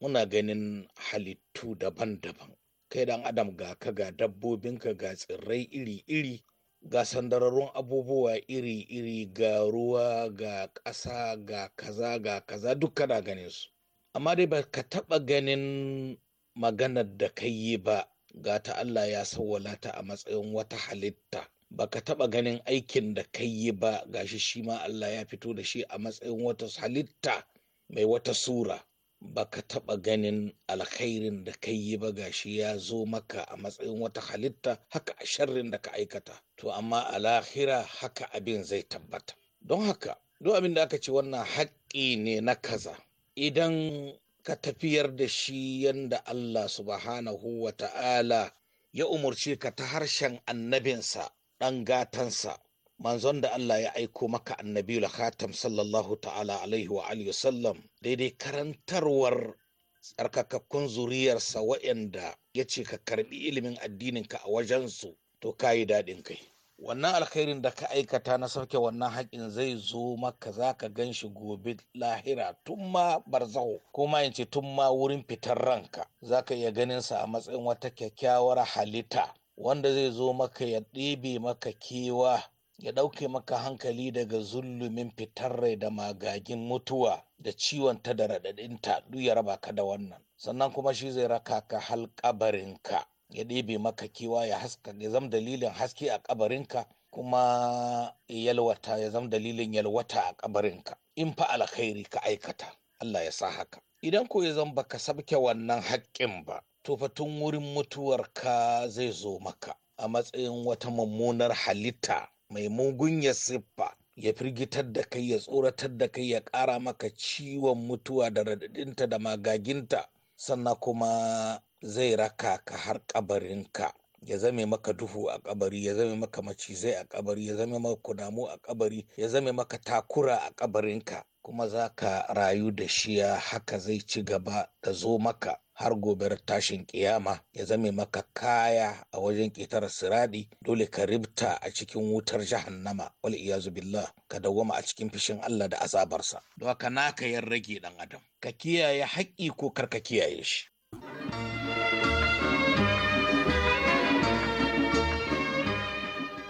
muna ganin halittu daban-daban kai dan adam ga ka ga dabbobinka ga tsirrai iri-iri ga sandararrun abubuwa iri-iri ga ruwa ga ƙasa ga kaza ga kaza duk kana ganin su amma dai ba ka taɓa ganin maganar da ka yi ba ga ta Allah ya sawwala ta a matsayin wata halitta baka taba ganin aikin da kai yi ba gashi shi ma Allah ya fito da shi a matsayin wata halitta mai wata sura baka taba ganin alkhairin da kai yi ba gashi ya zo maka a matsayin wata halitta haka a sharrin da ka aikata to amma a lahira haka abin zai tabbata don haka duk abin da aka ce wannan haƙƙi ne na kaza idan ka tafiyar da shi yanda Allah subhanahu wa ta'ala ya umarce ka ta harshen annabinsa ɗan gatansa manzon da Allah ya aiko maka annabi khatam sallallahu ta'ala alaihi wa alihi sallam daidai karantarwar tsarkakakkun zuriyarsa waɗanda ya ce ka karbi ilimin addininka a wajensu to yi daɗin kai wannan alkhairin da ka aikata na sauke wannan haƙin zai zo maka za ka gan shi gobe lahira tun ma barzaho ko ma in ce tun ma wurin fitar ranka za ka iya ganin sa a matsayin wata kyakkyawar halitta wanda zai zo maka ya ɗebe maka kewa ya ɗauke maka hankali daga zulumin fitar rai da magagin mutuwa da ciwon ta da raɗaɗinta duk ya raba ka da wannan sannan kuma shi zai raka ka hal ƙabarinka ya ɗebe maka kewa ya haska ya zam dalilin haske a ƙabarinka kuma yalwata ya zam dalilin yalwata a ƙabarinka. in fa alkhairi ka aikata Allah ya sa haka idan ko ya zan baka sabke wannan haƙƙin ba to wurin wurin ka zai zo maka a matsayin wata mummunar halitta mai mugun ya siffa ya firgitar da kai ya tsoratar da kai ya ƙara maka ciwon mutuwa da radadinta da magaginta sannan kuma zai raka ka har kabarinka ya zame maka duhu a kabari ya zame maka macizai a kabari ya zame maka kunamu a kabari ya zame maka takura a kabarinka kuma za ka rayu da shiya haka zai ci gaba da zo maka har gobar tashin kiyama ya zame maka kaya a wajen ƙetar siradi dole ka ribta a cikin wutar jahannama wal iyazu billah ka dawwama a cikin fishin Allah da azabarsa don haka naka yan rage dan adam ka kiyaye haƙƙi ko kar ka kiyaye shi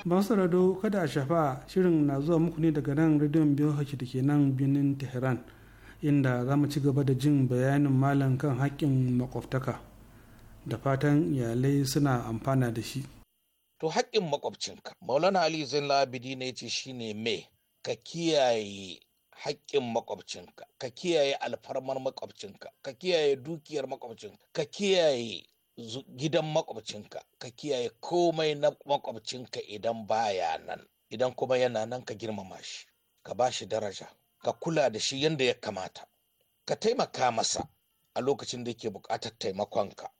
masu rado kada a shafa shirin na zuwa muku ne daga nan rediyon biyu da ke nan birnin tehran inda za mu ci gaba da jin bayanin malam kan haƙƙin makwabtaka da fatan iyalai suna amfana da shi. To haƙƙin makwabcinka, Maulana Ali Zain Labidi ne ce shine me ka kiyaye haƙƙin makwabcinka, ka kiyaye alfarmar makwabcinka, ka kiyaye dukiyar makwabcinka, ka kiyaye gidan makwabcinka, ka kiyaye komai na makwabcinka idan baya nan, idan kuma yana nan ka girmama shi, ka ba shi daraja, ka kula da shi yadda ya kamata ka taimaka masa a lokacin da yake buƙatar taimakonka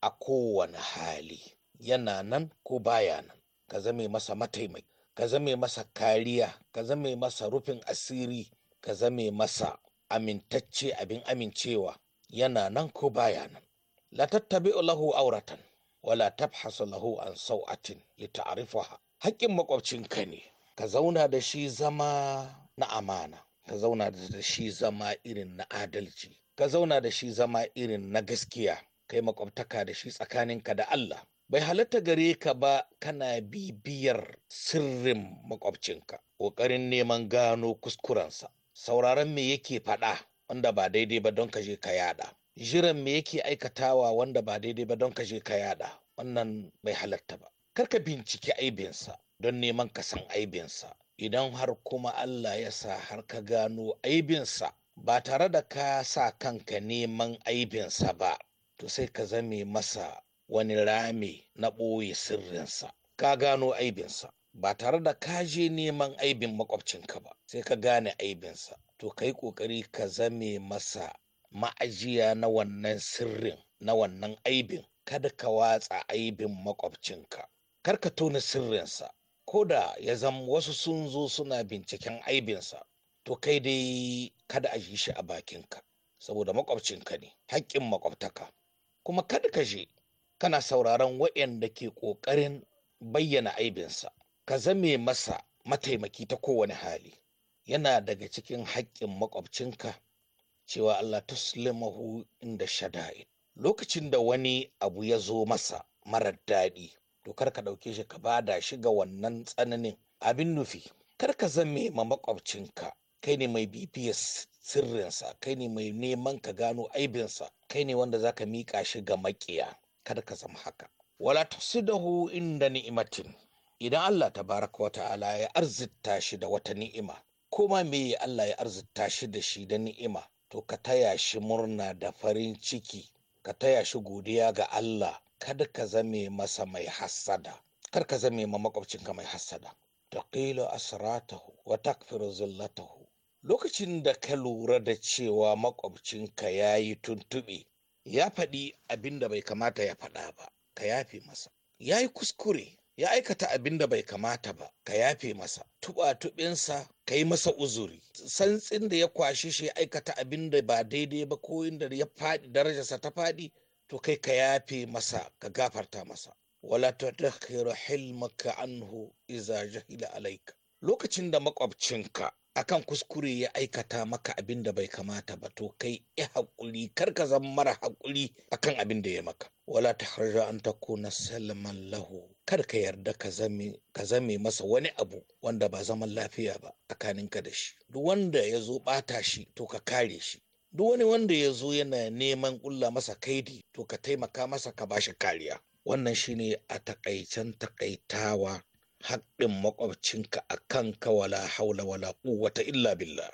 a kowane hali yana nan ko baya nan ka zame masa mataimaki ka zame masa kariya ka zame masa rufin asiri ka zame masa amintacce abin amincewa yana nan ko baya nan la lahu auratan wala tabhasu lahu an sau'atin li ta'rifaha haƙƙin makwabcinka ne ka zauna da shi zama na amana ka zauna da shi zama irin na adalci ka zauna da shi zama irin na gaskiya kai makwabtaka da shi tsakaninka da Allah bai halatta gare ka ba kana bibiyar sirrin makwabcinka ƙoƙarin neman gano kuskurensa sauraron me yake faɗa wanda ba daidai ba don ka je ka yada jiran me yake aikatawa wanda ba daidai ba don ka je ka yada wannan bai halatta ba karka binciki aibinsa don neman ka san aibinsa idan har kuma Allah ya sa har ka gano aibinsa ba tare da ka sa kanka neman aibinsa ba to sai ka zame masa wani rami na ɓoye sirrinsa ka gano aibinsa ba tare da ka je neman aibin makwabcinka ba sai ka gane aibinsa to ka yi ƙoƙari ka zame masa ma'ajiya na wannan sirrin na wannan aibin kada ka watsa aibin makwabcinka kar ka tona sirrinsa ko da ya zama wasu sun zo suna binciken aibinsa to kai dai kada a yi shi a bakinka saboda makwabcinka ne haƙƙin makwabtaka kuma kada ka je kana sauraron waɗanda ke ƙoƙarin bayyana aibinsa ka zame masa mataimaki ta kowane hali yana daga cikin haƙƙin makwabcinka cewa Allah tuslimahu inda shada'in lokacin da wani abu ya zo masa marar daɗi to kar ka ɗauke shi ka bada shi ga wannan tsananin abin nufi kar ka zame ma makwabcinka kai ne mai bps sirrinsa kai ne mai neman ka gano aibinsa kai ne wanda za ka miƙa shi ga maƙiya Kar ka zama haka wala tusidahu inda ni'imatin idan Allah ta tabaraka wa ta'ala ya arzita shi da wata ni'ima kuma me Allah ya arzita shi da shi da ni'ima to ka taya shi murna da farin ciki ka taya shi godiya ga Allah kada ka zame masa mai hassada kar ka zame ma makwabcinka mai hassada taqilu asratahu wa takfiru zillatahu lokacin da ka lura da cewa makwabcinka ya yi tuntuɓe ya faɗi abinda bai kamata ya faɗa ba ka yafe masa ya yi kuskure ya aikata abin da bai kamata ba ka yafe masa tuba-tubinsa ka yi masa uzuri santsin da ya kwashe shi ya aikata abin da ba daidai ba ko inda ya faɗi darajarsa ta faɗi to kai ka yafe masa ka gafarta masa wala tadakhiru hilmaka anhu iza jahila alaika lokacin da makwabcinka akan kuskure ya aikata maka abin da bai kamata ba to kai ya haƙuri kar ka zama mara hakuri akan abin da ya maka wala ta an ta kuna salman lahu kar ka yarda ka zame masa wani abu wanda ba zaman lafiya ba tsakaninka da shi duk wanda ya zo bata shi to ka kare shi duk wani wanda ya zo yana neman ƙulla masa kaidi to ka taimaka masa ka bashi kariya wannan shine a takaicen takaitawa haƙƙin makwabcinka a kanka wala haula wala quwwata illa billah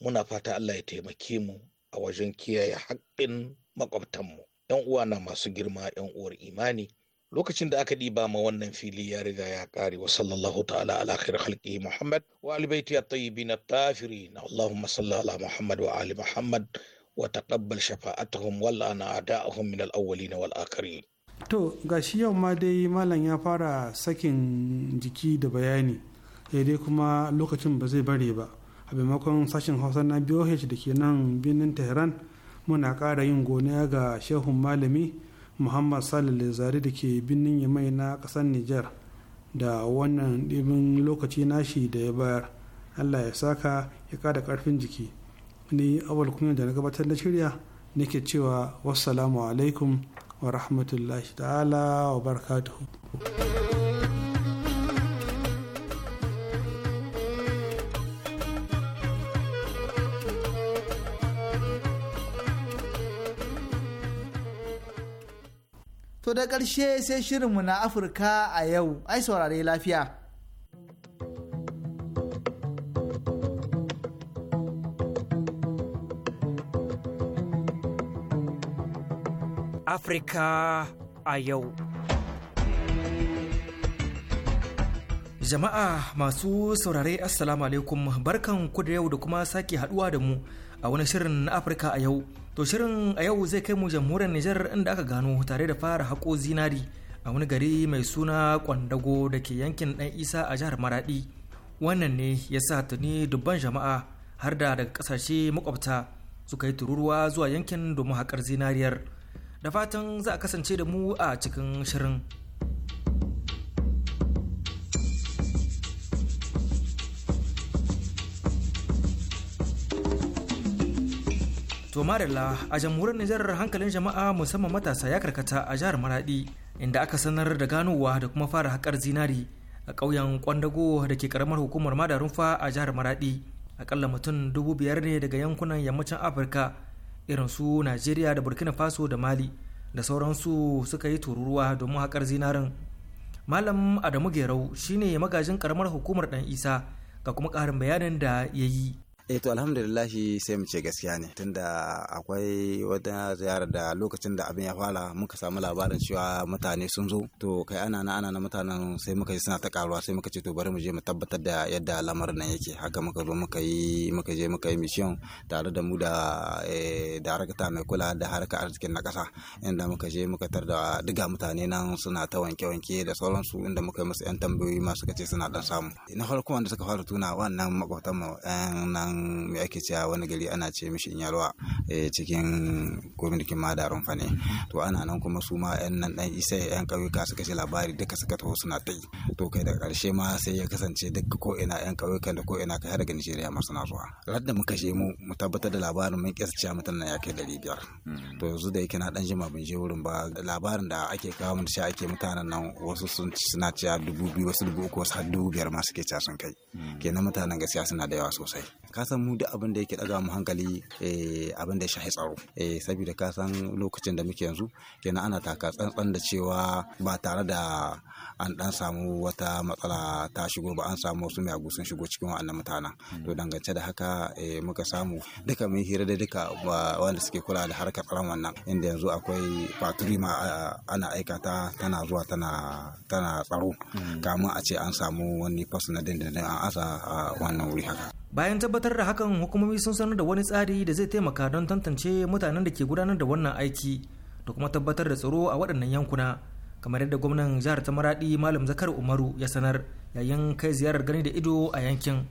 muna fata Allah ya taimake mu a wajen kiyaye haƙƙin makwabtanmu 'yan uwa na masu girma 'yan uwar imani lokacin da aka ɗiba ma wannan fili ya riga ya kare. wa sallallahu ta'ala ala khair khalqi muhammad wa ali baiti at-tayyibin at-tafirin allahumma salli ala muhammad wa ali muhammad wa taqabbal shafa'atuhum walla ana a'da'uhum min al-awwalin wal akhirin to gashi yau ma dai malam ya fara sakin jiki da bayani sai dai kuma lokacin ba zai bare ba a maimakon sashen hausa na BOH da ke nan birnin tehran muna ƙara yin gona ga shehun malami muhammad salih zari da ke birnin yamai na ƙasar niger da wannan ɗibin lokaci nashi da ya bayar allah ya saka ya kada karfin jiki ni awal kunyar da na gabatar da shirya nake cewa wassalamu alaikum wa rahmatullahi ta'ala wa barakatuhu To da ƙarshe sai shirinmu na Afirka a yau, ai saurare lafiya. Afirka a yau. Jama'a masu saurare Assalamu alaikum barkan ku da yau da kuma sake haɗuwa da mu a wani shirin na Afirka a yau. To shirin a yau zai kai mu jamhuriyar Nijar inda aka gano tare da fara haƙo zinari a wani gari mai suna Kwandago da ke yankin ɗan Isa a jihar Maraɗi. Wannan ne ya sa tuni dubban jama'a har da daga ƙasashe makwabta suka yi tururuwa zuwa yankin domin haƙar zinariyar. Da fatan za a kasance da mu a cikin shirin. To marilla a jamhuriyar Nijar hankalin jama'a musamman matasa ya karkata a jihar Maradi inda aka sanar da ganowa da kuma fara haƙar zinari a ƙauyen Kwandago da ke karamar hukumar Madarunfa a jihar Maradi. Akalla mutum dubu biyar ne daga yankunan yammacin Afirka irin su Najeriya da Burkina Faso da Mali da sauransu suka yi tururuwa domin haƙar zinarin. Malam Adamu Gerau shine magajin karamar hukumar ɗan Isa ga kuma ƙarin bayanin da ya yi. eh to alhamdulillahi sai mu ce gaskiya ne tunda akwai wata ziyara da lokacin da abin ya fara muka samu labarin cewa mutane sun zo to kai ana na ana na mutanen sai muka ji suna ta karuwa sai muka ce to bari mu je mu tabbatar da yadda lamarin nan yake haka muka zo muka yi muka je muka yi mission tare da mu da eh, darakta mai kula da harkar arzikin na kasa inda muka je muka tar da diga mutane nan suna ta wanke-wanke da sauransu inda muka yi musu yan tambayoyi ma suka ce suna dan samu na farko wanda suka fara tuna wannan makwatan mu nan mai ake cewa wani gari ana ce mishi inyalwa eh, cikin gwamnatin madarun fa ne to ana nan kuma su ma yan nan dan isa yan kauyuka suka ce labari duka suka taho suna ta yi to kai daga karshe ma sai ya kasance duka ko ina yan kauyuka da ko ina kai daga Nijeriya ma suna zuwa rad da muka je mu mu tabbatar da labarin mun kisa cewa mutum na ya kai dari biyar hmm. to yanzu da yake na dan jima bin je wurin ba labarin da ake kawo mun sha ake mutanen nan wasu sun suna cewa dubu biyu wasu dubu uku wasu har dubu biyar ma suke cewa sun kai hmm. kenan mutanen gaskiya suna da yawa sosai ka san mu da abin da yake daga mu hankali eh, abin da ya shahi tsaro eh, saboda ka san lokacin da muke yanzu kenan ana taka tsantsan da cewa ba tare da an dan samu wata matsala ta shigo ba an samu wasu miyagu sun shigo cikin wa'annan mutanen to hmm. dangance da haka eh, muka samu duka mun hira da duka wanda suke kula da harkar tsaron wannan inda yanzu akwai faturi ma ana aika ta tana zuwa tana tsaro hmm. kamun a ce an samu wani fas na dindindin an asa a wannan wuri haka bayan tabbatar da hakan hukumomi sun sanar da wani tsari da zai taimaka don tantance mutanen da ke gudanar da wannan aiki da kuma tabbatar da tsaro a waɗannan yankuna kamar yadda gwamnan jihar ta maradi malam zakar umaru ya sanar yayin kai ziyarar gani da ido a yankin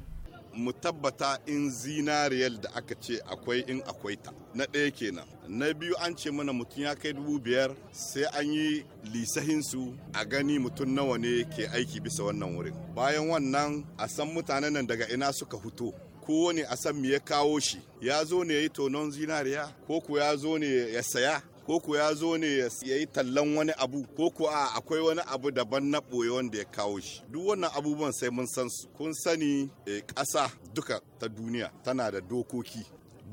mu tabbata in zinariyar da aka ce akwai in akwai ta na ɗaya kenan na biyu an ce mana mutum ya kai dubu biyar sai an yi lisahinsu a gani mutum nawa ne ke aiki bisa wannan wurin bayan wannan a san mutanen nan daga ina suka fito kowane a san me ya kawo shi ya zo ne ya yi tonon zinariya ko ku ya zo ne ya saya ko ko ya zo ne ya yi tallan wani abu ko ko a akwai wani abu daban na ɓoye wanda ya kawo shi duk wannan abubuwan sai mun san su kun sani eh, ƙasa duka ta duniya tana da dokoki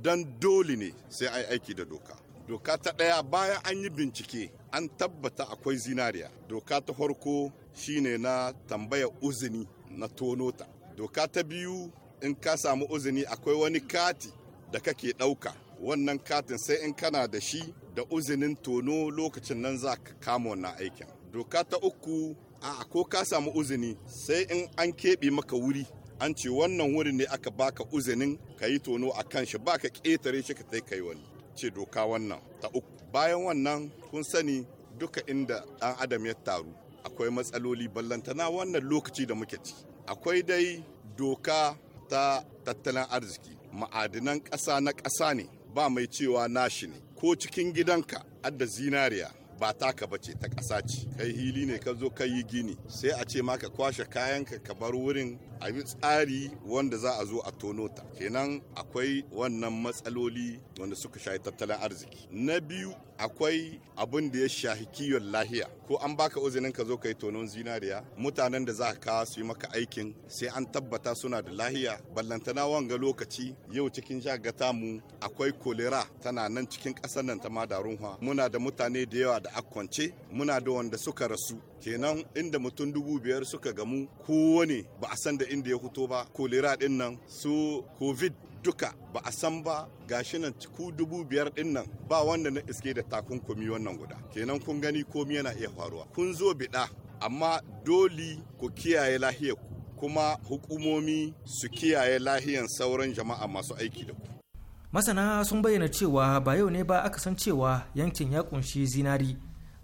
don dole ne sai an aiki da doka doka ta ɗaya bayan an yi bincike an tabbata akwai zinariya doka ta farko shine na tambaya uzini na tonota doka ta biyu in ka samu uzini akwai wani kati da kake ɗauka wannan katin sai in kana da shi da uzinin tono lokacin nan za ka kama wannan aikin doka ta uku a ko ka samu uzini sai in an keɓe maka wuri an ce wannan wuri ne aka baka uzinin ka yi tono a kan shi baka ƙetare shi ka tai kai wani ce doka wannan ta uku bayan wannan kun sani duka inda ɗan adam ya taru akwai matsaloli ballantana wannan lokaci da muke ci akwai dai doka ta tattalin arziki ma'adinan ƙasa na ƙasa ne ba mai cewa nashi ne ko cikin gidanka adda zinariya ba taka ba ce ta ƙasa ce kai hili ne ka zo ka yi gini sai a ce maka kwashe kayanka ka bar wurin a bi tsari wanda za a zo a tono ta kenan akwai wannan matsaloli wanda suka shahi tattalin arziki na biyu akwai abin da ya shahi kiwon lahiya ko an baka uzinin ka zo ka yi tonon zinariya mutanen da za ka kawo su yi maka aikin sai an tabbata suna da lahiya ballantana wanga lokaci yau cikin shagata mu akwai kolera tana nan cikin ƙasar nan ta madarunwa muna da mutane da yawa da akwance muna da wanda suka rasu kenan inda mutum dubu biyar suka gamu kowane ba a san da inda ya fito ba kolera din nan su covid duka ba a san ba gashi nan ku dubu biyar din nan ba wanda na iske da takunkumi wannan guda kenan kun gani komi yana iya faruwa kun zo biɗa amma doli ku kiyaye lahiyar kuma hukumomi su kiyaye lahiyan sauran jama'a masu aiki da ku masana sun bayyana cewa ba yau ne ba aka san cewa yankin ya kunshi zinari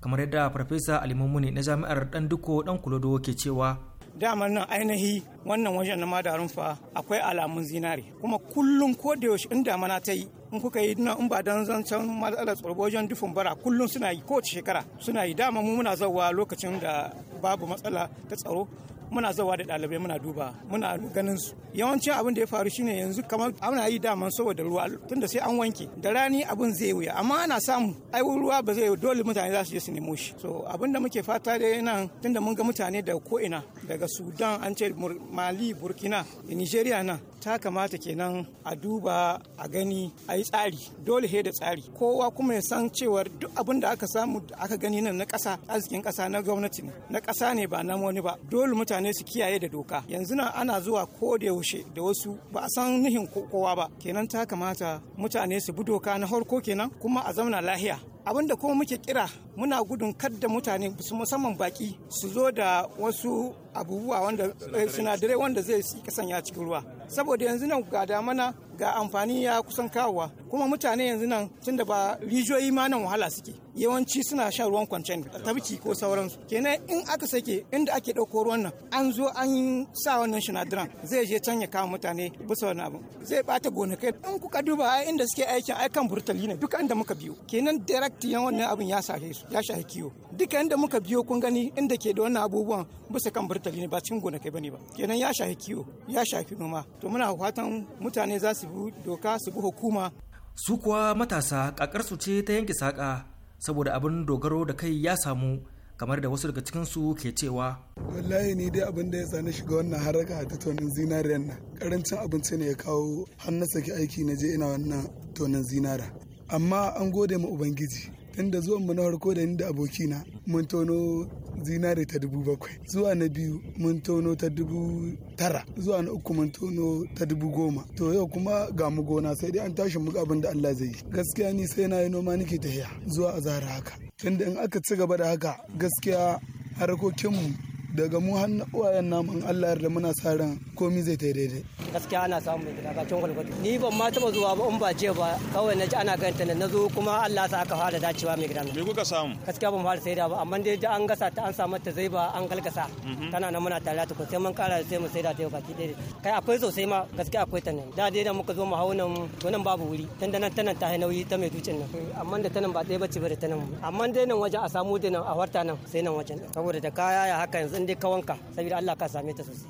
kamar yadda farfesa alimumuni na jami'ar dan duko dan kulodo ke cewa damar nan ainihi wannan wajen na madarun fa akwai alamun zinari kuma kullum ko da yaushe in damana ta yi in kuka yi na in ba dan zancen matsalar tsorbo wajen dufin bara kullum suna yi kowace shekara suna yi dama mu muna zauwa lokacin da babu matsala ta tsaro muna zawa da ɗalibai muna duba muna ganin su yawanci abin da ya faru shine yanzu kamar ana yi daman saboda ruwa tunda sai an wanke da rani abin zai wuya amma ana samu ai ruwa ba zai dole mutane za su je su nemo shi so abin da muke fata da nan tunda mun ga mutane da ko ina daga Sudan an ce Mali Burkina da Nigeria nan ta kamata kenan a duba a gani a yi tsari dole he da tsari kowa kuma ya san cewa duk abin da aka samu aka gani nan na ƙasa arzikin ƙasa na gwamnati ne na ƙasa ne ba na wani ba dole mutane mutane su kiyaye da doka yanzu nan ana zuwa ko da yaushe da wasu ba a san nihin kowa ba kenan ta kamata mutane su bi doka na harko kenan kuma a zauna lahiya abin da kuma muke kira muna gudun kadda mutane su musamman baki su zo da wasu abubuwa wanda eh, sinadarai wanda zai sanya cikin ruwa saboda yanzu nan ga mana ga amfani ya kusan kawowa kuma mutane yanzu nan tun da ba rijiyoyi ma nan wahala suke yawanci suna shan ruwan kwancen tabki ko sauransu kenan in aka sake inda ake ɗauko ruwan nan an zo an yi sa wannan shinadiran zai je can ya kawo mutane bisa wani abu zai bata gonakai in kuka duba a inda suke aikin ai kan burtali ne duk inda muka biyo kenan direct yan wannan abin ya shafe su ya shafe kiwo duk inda muka biyo kun gani inda ke da wannan abubuwan bisa kan burtali ne ba cikin gonakai bane ba kenan ya shafe kiwo ya shafi noma to muna fatan mutane za su su doka su bi hukuma su kuwa matasa kakarsu ce ta yanke saƙa saboda abin dogaro da kai ya samu kamar da wasu daga cikinsu ke cewa wallahi ni dai abin da ya sani shiga wannan haraka ta tonin zinariyar nan karancin abinci ne ya kawo hannun saki aiki na je ina wannan tonin zinara amma an gode ma ubangiji inda zuwan mu na farko da ni da abokina mun tono zinare ta dubu bakwai zuwa na biyu mun tono ta dubu tara zuwa na uku mun tono ta dubu goma to yau kuma ga mu gona sai dai an tashi muka abin da Allah zai yi gaskiya ni sai na yi noma nake tafiya zuwa a zara haka tunda in aka ci gaba da haka gaskiya harkokinmu daga mu har na uwayen namu in Allah yarda muna sa ran komai zai ta daidai gaskiya ana samu mai gida bakin gwalgwado ni ban ma taba zuwa ba in ba je ba kawai na ji ana ganta na zo kuma Allah sa aka fara dacewa mai gida me kuka samu gaskiya ban fara saida ba amma dai an gasa ta an samu ta zai ba an galgasa mhm. tana nan muna tare ta sai mun kara sai mu saida ta yau baki daidai kai akwai sosai ma gaskiya akwai ta nan da dai da muka zo mu haunan nan babu wuri tun da nan tanan ta nauyi ta mai ducin nan amma da tanan ba ɗaya bace ba da tanan amma dai nan wajen a samu da nan a warta nan sai nan wajen saboda da kaya ya haka yanzu dai ka wanka saboda Allah ka same ta sosai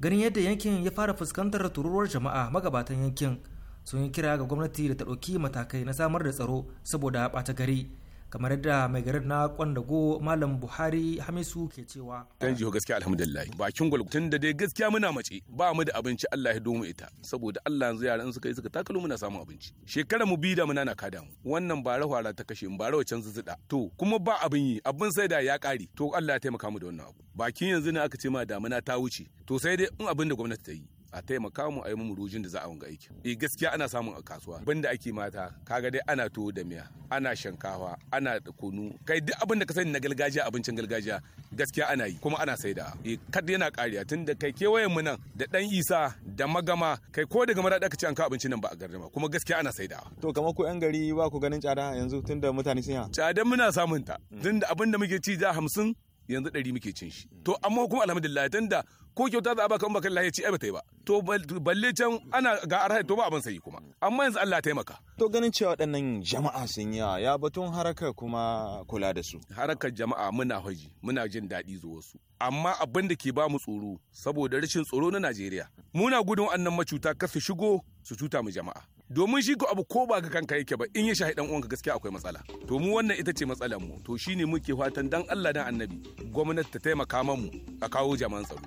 ganin yadda yankin ya fara fuskantar tururuwar jama'a magabatan yankin sun yi kira ga gwamnati da ta ɗauki matakai na samar da tsaro saboda ɓata gari kamar yadda mai garin na kwandago malam buhari hamisu ke cewa dan jiho gaskiya alhamdulillah bakin gwal tun da dai gaskiya muna mace ba mu da abinci Allah ya domu ita saboda Allah yanzu yaran suka yi suka takalo muna samun abinci shekara mu bida muna na kada mu wannan ba rahwara ta kashe ba rawa can zuzuda to kuma ba abin yi abin sai da ya kare to Allah ya taimaka mu da wannan abu bakin yanzu ne aka ce ma damuna ta wuce to sai dai in abin da gwamnati ta yi a taimaka mu a yi mu rujin da za a wanga aiki e eh, gaskiya ana samun a kasuwa banda ake mata kaga dai ana tuwo da miya ana shankawa ana da kunu kai duk abin da ka sani na gargajiya abincin gargajiya gaskiya ana yi kuma ana saida e eh, kad yana kariya tunda kai kewayen mu nan da dan isa da magama kai ko daga marada ka ci an ka abincin nan ba a gardama kuma gaskiya ana saida to kamar ku yan gari ba ku ganin tsada yanzu tunda mutane sun ya tsadan muna samun ta tunda abin da muke ci da hamsin yanzu ɗari muke cin shi mm. to amma kuma alhamdulillah tun da ko kyauta za a baka in baka lahiya ci ai bata yi ba to balle can ana ga arha to ba abin sayi kuma amma yanzu Allah taimaka to ganin cewa waɗannan jama'a sun yi ya batun haraka kuma kula da su harakar jama'a muna haji muna jin daɗi zuwa su amma abin da ke ba mu tsoro saboda rashin tsoro na Najeriya muna gudun annan macuta kar shigo su cuta mu jama'a domin shi ko abu ko ba ga kanka yake ba in ya shahi dan uwanka gaskiya akwai matsala to mu wannan ita ce matsalar mu to shine muke fatan dan Allah dan Annabi gwamnati ta taimaka mu a kawo jaman tsaro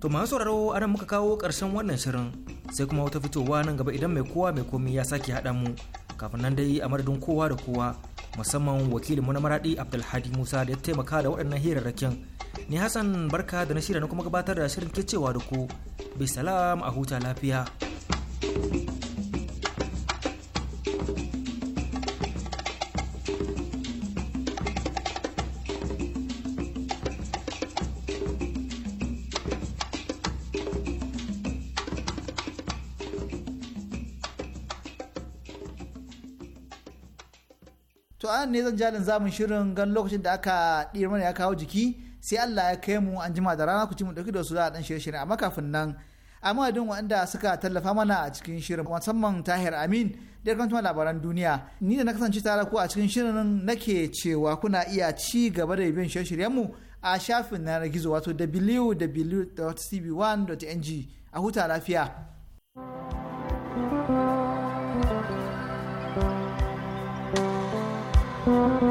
to masu sauraro anan muka kawo karshen wannan shirin sai kuma wata fitowa nan gaba idan mai kowa mai komi ya sake haɗa mu kafin nan dai a madadin kowa da kowa musamman wakilin mu na maradi Abdulhadi Musa da ya taimaka da waɗannan hirarrakin ni Hassan barka da na shirya na kuma gabatar da shirin kecewa da ku bisalam a huta lafiya to anan ne zan jalin zamun shirin gan lokacin da aka ɗirmar ma ya kawo jiki sai Allah ya kai mu an jima da rana ku ci mu ɗauki da su za a ɗan shirye-shirye amma kafin nan a madadin waɗanda suka tallafa mana a cikin shirin musamman tahir amin da kuma labaran duniya ni da na kasance tare ku a cikin shirin nake cewa kuna iya ci gaba da bin shirye mu a shafin na gizo wato wwwcb 1ng a huta lafiya. thank you